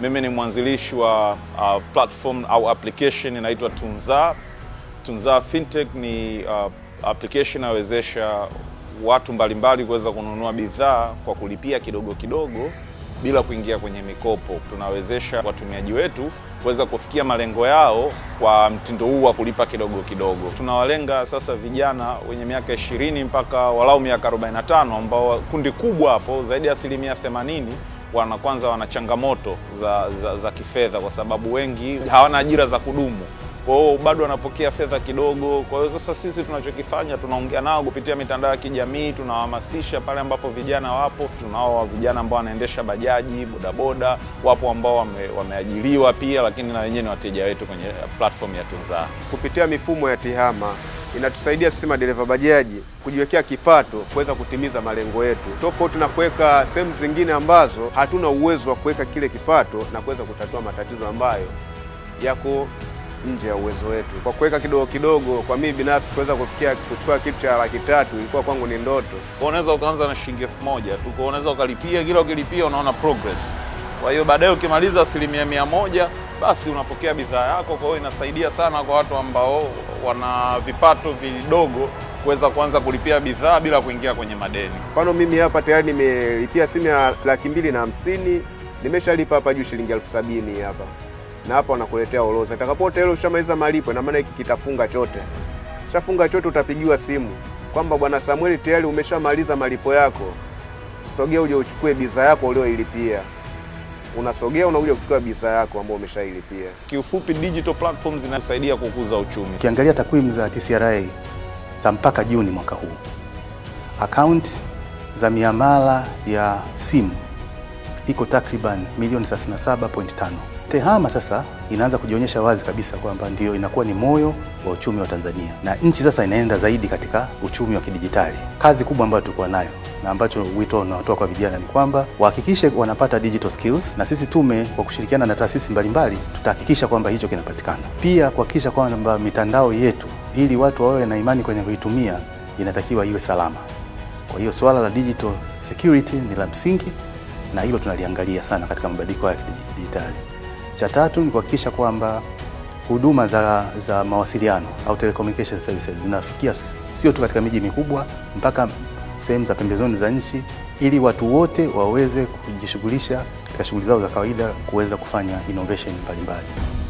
Mimi ni mwanzilishi wa uh, platform au application inaitwa Tunza. Tunza Fintech ni uh, application inawezesha watu mbalimbali kuweza kununua bidhaa kwa kulipia kidogo kidogo bila kuingia kwenye mikopo. Tunawezesha watumiaji wetu kuweza kufikia malengo yao kwa mtindo huu wa kulipa kidogo kidogo. Tunawalenga sasa vijana wenye miaka 20 mpaka walau miaka 45 ambao kundi kubwa hapo zaidi ya asilimia 80 wana kwanza wana changamoto za, za, za kifedha kwa sababu wengi hawana ajira za kudumu kwa hiyo bado wanapokea fedha kidogo. Kwa hiyo sasa sisi tunachokifanya tunaongea nao kupitia mitandao ya kijamii, tunawahamasisha pale ambapo vijana wapo. Tunao vijana ambao wanaendesha bajaji, bodaboda, wapo ambao wame, wameajiriwa pia, lakini na wenyewe ni wateja wetu kwenye platform ya Tunza kupitia mifumo ya tihama inatusaidia sisi madereva bajaji kujiwekea kipato kuweza kutimiza malengo yetu, tofauti na kuweka sehemu zingine ambazo hatuna uwezo wa kuweka kile kipato na kuweza kutatua matatizo ambayo yako nje ya uwezo wetu. Kwa kuweka kidogo kidogo, kwa mimi binafsi kuweza kufikia kuchukua kitu cha laki tatu ilikuwa kwangu ni ndoto. Kwa unaweza ukaanza na shilingi elfu moja tu, unaweza ukalipia, kila ukilipia unaona progress. Kwa hiyo baadaye ukimaliza asilimia mia moja basi unapokea bidhaa yako. Kwa hiyo inasaidia sana kwa watu ambao wana vipato vidogo kuweza kuanza kulipia bidhaa bila kuingia kwenye madeni. Mfano mimi hapa tayari nimelipia simu ya laki mbili na hamsini nimeshalipa hapa juu shilingi elfu sabini hapa na hapa wanakuletea orodha. Itakapota hilo ushamaliza malipo, na maana hiki kitafunga chote, shafunga chote, utapigiwa simu kwamba bwana Samueli, tayari umeshamaliza malipo yako, sogea uje uchukue bidhaa yako ulioilipia unasogea unakuja kuchukua bisa yako ambayo umeshailipia. Kiufupi, digital platforms zinasaidia kukuza uchumi. Ukiangalia takwimu za TCRA za mpaka Juni mwaka huu, akaunti za miamala ya simu iko takriban milioni 37.5. TEHAMA sasa inaanza kujionyesha wazi kabisa kwamba ndio inakuwa ni moyo wa uchumi wa Tanzania, na nchi sasa inaenda zaidi katika uchumi wa kidijitali. Kazi kubwa ambayo tulikuwa nayo na ambacho wito unaotoa kwa vijana ni kwamba wahakikishe wanapata digital skills, na sisi tume kwa kushirikiana na taasisi mbalimbali tutahakikisha kwamba hicho kinapatikana, pia kuhakikisha kwamba mitandao yetu, ili watu wawe na imani kwenye kuitumia, inatakiwa iwe salama. Kwa hiyo suala la digital security ni la msingi, na hilo tunaliangalia sana katika mabadiliko ya kidijitali. Cha tatu ni kuhakikisha kwamba huduma za, za mawasiliano au telecommunication services zinafikia sio tu katika miji mikubwa mpaka sehemu za pembezoni za nchi ili watu wote waweze kujishughulisha katika shughuli zao za kawaida kuweza kufanya innovation mbalimbali.